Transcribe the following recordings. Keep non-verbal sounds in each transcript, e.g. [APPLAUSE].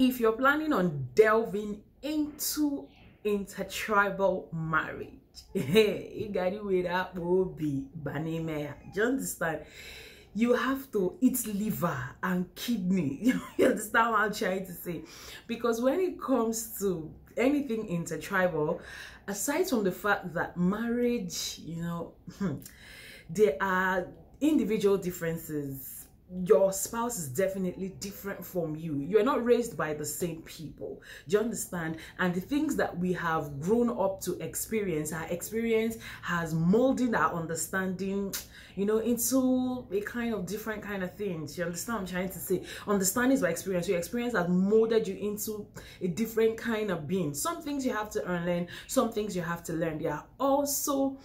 If you're planning on delving into intertribal marriage, [LAUGHS] you got it will be bunny Do you understand? You have to eat liver and kidney. [LAUGHS] you understand what I'm trying to say? Because when it comes to anything intertribal, aside from the fact that marriage, you know, hmm, there are individual differences your spouse is definitely different from you. You are not raised by the same people. Do you understand? And the things that we have grown up to experience, our experience has molded our understanding, you know, into a kind of different kind of things. You understand I'm trying to say? Understanding is by experience. Your experience has molded you into a different kind of being. Some things you have to unlearn, some things you have to learn. They are also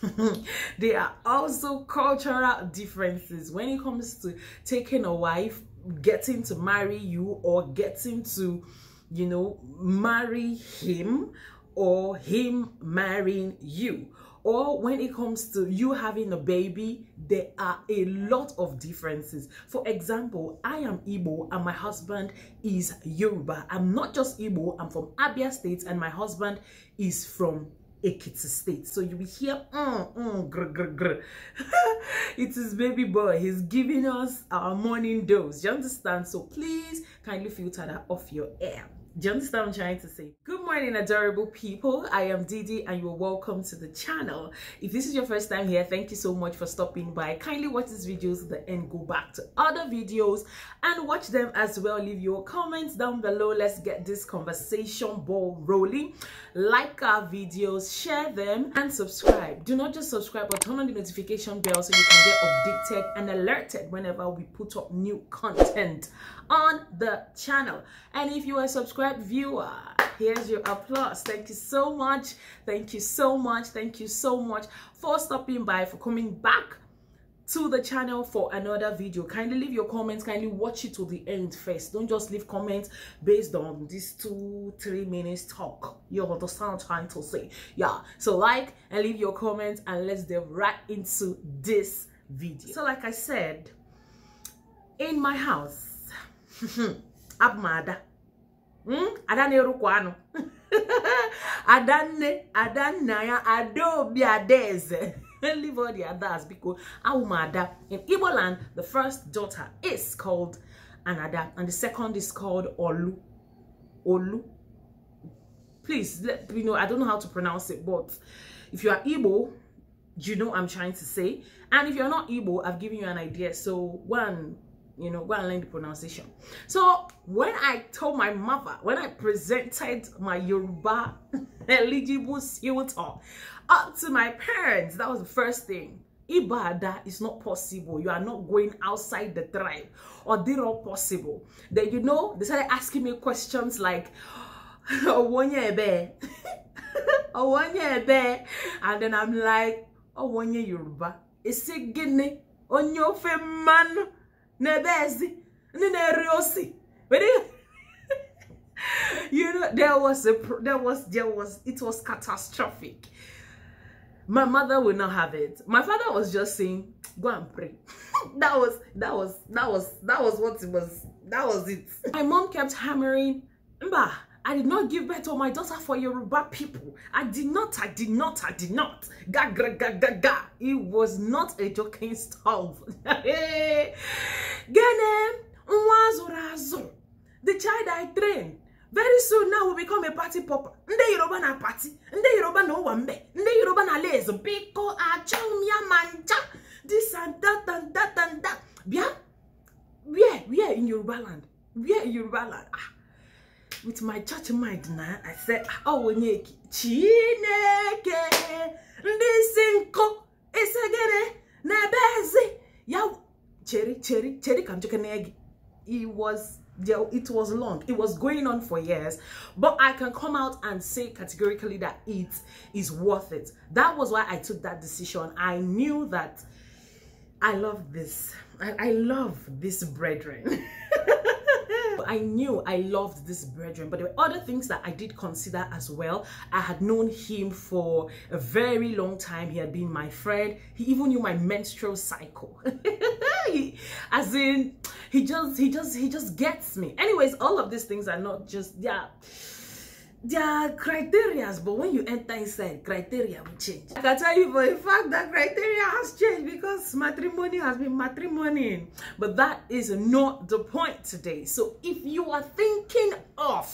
[LAUGHS] there are also cultural differences when it comes to taking a wife, getting to marry you, or getting to, you know, marry him or him marrying you. Or when it comes to you having a baby, there are a lot of differences. For example, I am Igbo and my husband is Yoruba. I'm not just Igbo, I'm from Abia State and my husband is from Ekiti State. So you will hear, mm, mm, grr, grr, grr. [LAUGHS] it is baby boy. He's giving us our morning dose. you understand? So please kindly filter that off your air. Do you understand what I'm trying to say? Good morning, adorable people. I am Didi and you're welcome to the channel. If this is your first time here, thank you so much for stopping by. Kindly watch these videos to the end. Go back to other videos and watch them as well. Leave your comments down below. Let's get this conversation ball rolling. Like our videos, share them, and subscribe. Do not just subscribe, but turn on the notification bell so you can get updated and alerted whenever we put up new content on the channel. And if you are subscribed, viewer. Here's your applause. Thank you so much. Thank you so much. Thank you so much for stopping by, for coming back to the channel for another video kindly leave your comments kindly watch it to the end first don't just leave comments based on this two three minutes talk you understand what i'm trying to say yeah so like and leave your comments and let's dive right into this video so like i said in my house [LAUGHS] abmada Hmm? ada na-erukwa anụ [LAUGHS] adanne adobe adese. adaobi adaeze [LAUGHS] leave all the others because Aumada in Igbo land, the first daughter is called Anada and the second is called Olu. Olu. Please, let, me know, I don't know how to pronounce it, but if you are Igbo, you know I'm trying to say. And if you're not Igbo, I've given you an idea. So one, you know, go and learn the pronunciation. So when I told my mother, when I presented my Yoruba [LAUGHS] eligible suitor up to my parents, that was the first thing. Ibada is not possible. You are not going outside the tribe or they're possible. Then, you know, they started asking me questions like, [LAUGHS] [LAUGHS] and then I'm like, oh, one year Yoruba. It's a Guinea? On your man? n'ebe ezi ndị na-eri osi [LAUGHS] you know there was a there was there was it was catastrophic my mother will not have it my father was just saying go and pray [LAUGHS] that was that was that was that was what it was that was it my mom kept hammering mba I did not give birth to my daughter for Yoruba people. I did not, I did not, I did not. Ga, ga, ga, ga, ga. It was not a joking stuff. [LAUGHS] Gene, The child I trained. Very soon now will become a party popper. Nde Yoruba na party. Nde Yoruba no wambe. Nde Yoruba na lezo. Biko a achomia mancha. This and that and that and that. Bia? Where? Where in Yoruba land? Where in Yoruba land? Ah. with my church mind now, I said, ah, oh, Chineke, listen, ko, isagere, nebezi, yaw, cherry, cherry, cherry, kamchukanegi. It was, it was long. It was going on for years. But I can come out and say categorically that it is worth it. That was why I took that decision. I knew that I love this. I, I love this brethren. [LAUGHS] I knew I loved this brethren, but there were other things that I did consider as well. I had known him for a very long time. He had been my friend. He even knew my menstrual cycle. [LAUGHS] as in, he just, he just, he just gets me. Anyways, all of these things are not just, yeah. There are criterias, but when you enter inside, criteria will change. I can tell you for a fact that criteria has changed because matrimony has been matrimony. But that is not the point today. So if you are thinking of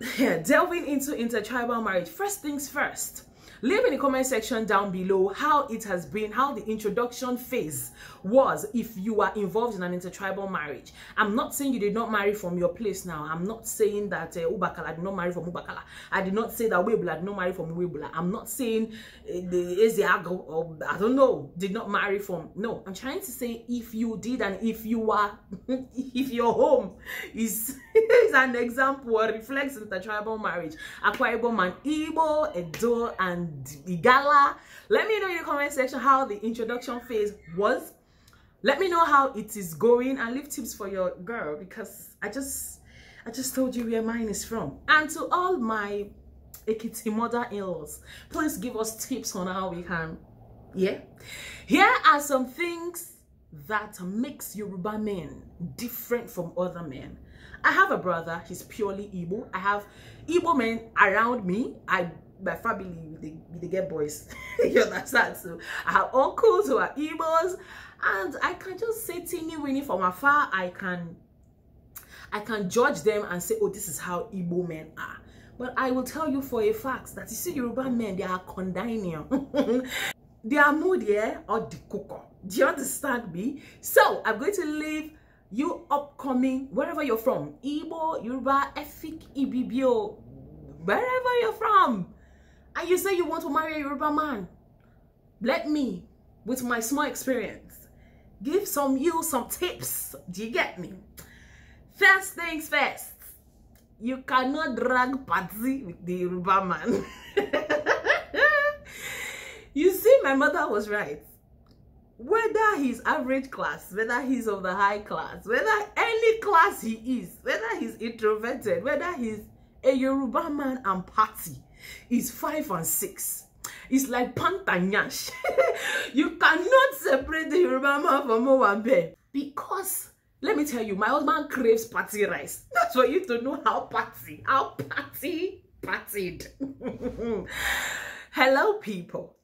[LAUGHS] yeah, delving into intertribal marriage, first things first, leave in the comment section down below how it has been how the introduction phase was if you are involved in an intertribal marriage i'm not saying you did not marry from your place now i'm not saying that uh, ubakala did not marry from ubakala i did not say that webula did not marry from webula i'm not saying uh, the ezeago or i don't know did not marry from no i'm trying to say if you did and if you are [LAUGHS] if your home is is an example or reflects intertribal marriage. Akwa Ibom Igbo, Edo, and Igala. Let me know in the comment section how the introduction phase was. Let me know how it is going and leave tips for your girl because I just I just told you where mine is from. And to all my Ekiti mother-in-laws, please give us tips on how we can, yeah? Here are some things that makes Yoruba men different from other men. I have a brother, he's purely Igbo. I have Igbo men around me. I my family they, they get boys. [LAUGHS] you understand? So I have uncles who are Igbos and I can just say teeny weeny from afar. I can I can judge them and say, oh, this is how Igbo men are. But I will tell you for a fact that you see Yoruba men, they are condigning. they are more there or the cooker. Do you understand me? So I'm going to leave you upcoming, wherever you're from, Igbo, Yoruba, Efik, Ibibio, wherever you're from, and you say you want to marry a Yoruba man, let me, with my small experience, give some you some tips. Do you get me? First things first, you cannot drag Patsy with the Yoruba man. [LAUGHS] you see, my mother was right whether he's average class whether he's of the high class whether any class he is whether he's introverted whether he's a yoruba man and party is five and six it's like pantanyash [LAUGHS] you cannot separate the yoruba man from owambe because let me tell you my husband craves party rice that's for you to know how party how party partied [LAUGHS] hello people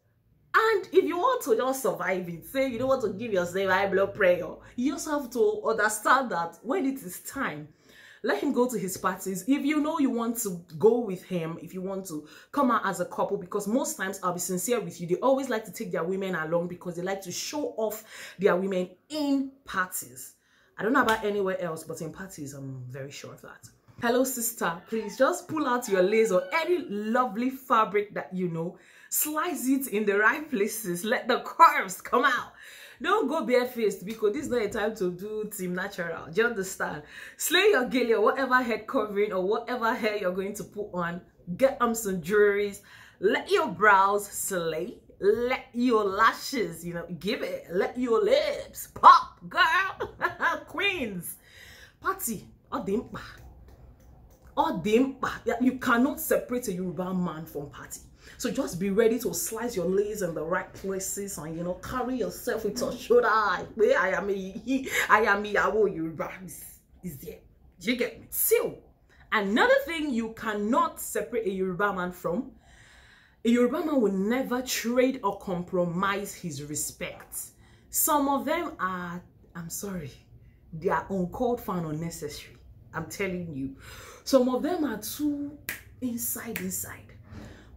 And if you want to just survive it, say you don't want to give yourself high blood pressure, you just have to understand that when it is time, let him go to his parties. If you know you want to go with him, if you want to come out as a couple, because most times I'll be sincere with you, they always like to take their women along because they like to show off their women in parties. I don't know about anywhere else, but in parties, I'm very sure of that. hello sister please just pull out your lace or any lovely fabric that you know slice it in the right places let the curves come out don't go barefaced because this is not a time to do team natural do you understand slay your gilly or whatever head covering or whatever hair you're going to put on get them some jewelries let your brows slay let your lashes you know give it let your lips pop girl [LAUGHS] queens party or dimpa ọ them! Ah, you cannot separate a Yoruba man from party so just be ready to slice your legs in the right places and you know carry yourself with your shoulder pé I am a I am ìyàwó Yoruba is, is there do you get me so another thing you cannot separate a Yoruba man from a Yoruba man will never trade or compromise his respect some of them are I'm sorry they are uncalled for and unnecessary I'm telling you. Some of them are too inside, inside.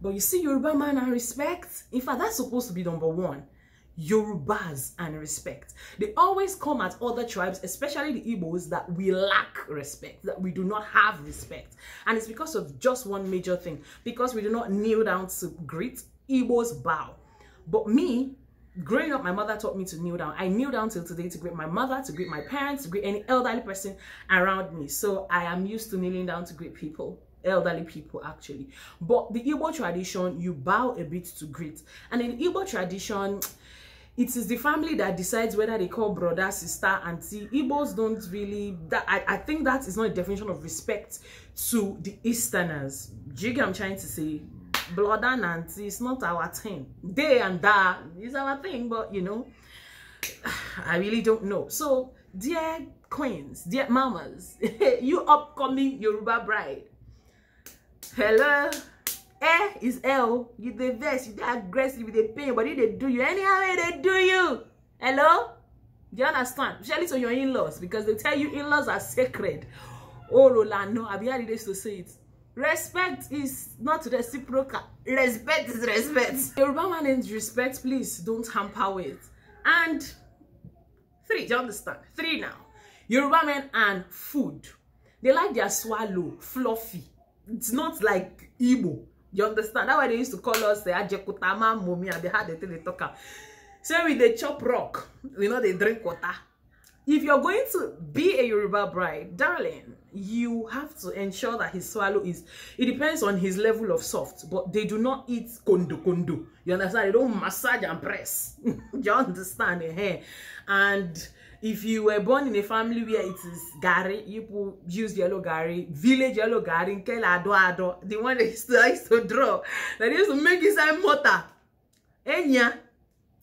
But you see Yoruba man and respect? In fact, that's supposed to be number one. Yorubas and respect. They always come at other tribes, especially the Igbos, that we lack respect, that we do not have respect. And it's because of just one major thing. Because we do not kneel down to greet, Igbos bow. But me, growing up, my mother taught me to kneel down. I kneel down till today to greet my mother, to greet my parents, to greet any elderly person around me. So I am used to kneeling down to greet people elderly people actually but the Igbo tradition you bow a bit to greet and in Igbo tradition it is the family that decides whether they call brother, sister, auntie. Igbos don't really, that, I, I think that is not a definition of respect to the Easterners. Jiggy, I'm trying to say? brother and auntie it's not our thing they and that is our thing but you know [SIGHS] i really don't know so dear queens dear mamas [LAUGHS] you upcoming yoruba bride hello eh is l you the best. you dey aggressive you the pain body they do you anyhow wey dey do you hello do you understand especially to your in-laws because they tell you in-laws are sacred orolano oh, abi how dey dey to say it respect is not reciprocal respect is respect [LAUGHS] yoruba man needs respect please don't hamper with and three do you understand three now yoruba men and food they like their swallow fluffy it's not like igbo you understand that's why they used to call us the eh, ajekutama momi and they had the thing they talk about So we dey chop rock we know they drink water if you're going to be a Yoruba bride, darling, you have to ensure that his swallow is, it depends on his level of soft, but they do not eat kondo kondo. You understand? They don't massage and press. [LAUGHS] you understand? Eh? And if you were born in a family where it is gari, you use yellow gari, village yellow gari, nkela ado ado, the one that used [LAUGHS] to, I used to draw, that used to make inside mortar. Enya.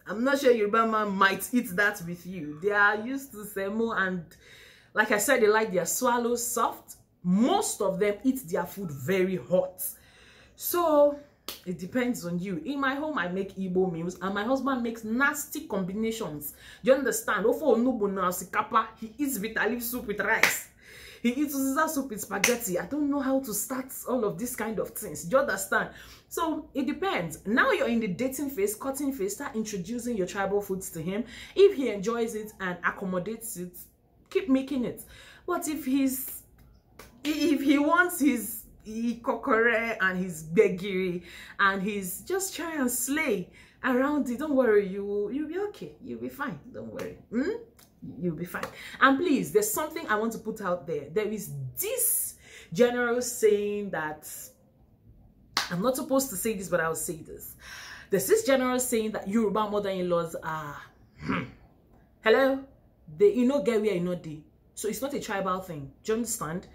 I'm not sure Yoruba man might eat that with you. They are used to semo and like I said, they like their swallow soft. Most of them eat their food very hot. So it depends on you. In my home, I make Igbo meals and my husband makes nasty combinations. Do you understand? Ofo onubu na sikapa, he eats bitter leaf soup with rice. He eats that soup with spaghetti. I don't know how to start all of these kind of things. Do you understand? So it depends. Now you're in the dating phase, cutting phase, start introducing your tribal foods to him. If he enjoys it and accommodates it, keep making it. But if he's if he wants his kokore and his begiri and he's just try and slay around it don't worry you you'll be okay you'll be fine don't worry Hmm you'll be fine. And please, there's something I want to put out there. There is this general saying that I'm not supposed to say this, but I'll say this. There's this general saying that Yoruba mother-in-laws are hmm, hello, they you know get where you know they. So it's not a tribal thing. Do you understand?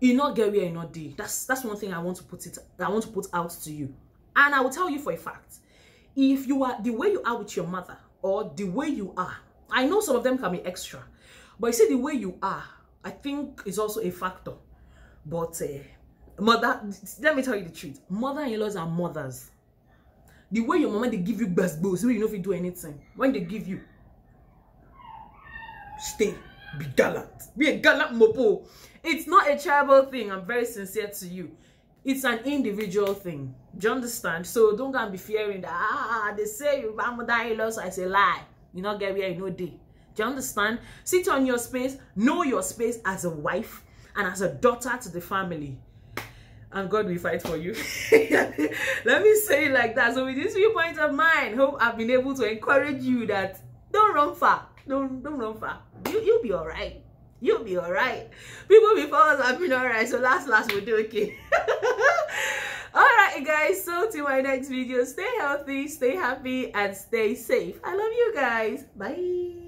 You not get where you know they. That's that's one thing I want to put it. I want to put out to you, and I will tell you for a fact. If you are the way you are with your mother, or the way you are I know some of them can be extra, but you see the way you are, I think is also a factor. But uh, mother, let me tell you the truth. Mother-in-laws are mothers. The way your mama they give you best bills, you know if you do anything. When they give you, stay, be gallant, be a gallant mopo. It's not a tribal thing. I'm very sincere to you. It's an individual thing. Do you understand? So don't go and be fearing that ah, ah, ah they say your mother-in-laws is a lie. you not get where you know day. Do you understand? Sit on your space, know your space as a wife and as a daughter to the family. And God will fight for you. [LAUGHS] Let me say it like that. So with this viewpoint of mine, hope I've been able to encourage you that don't run far. Don't don't run far. You you'll be all right. You'll be all right. People before us have been all right. So last last we'll do okay. [LAUGHS] right guys so to my next video stay healthy stay happy and stay safe i love you guys bye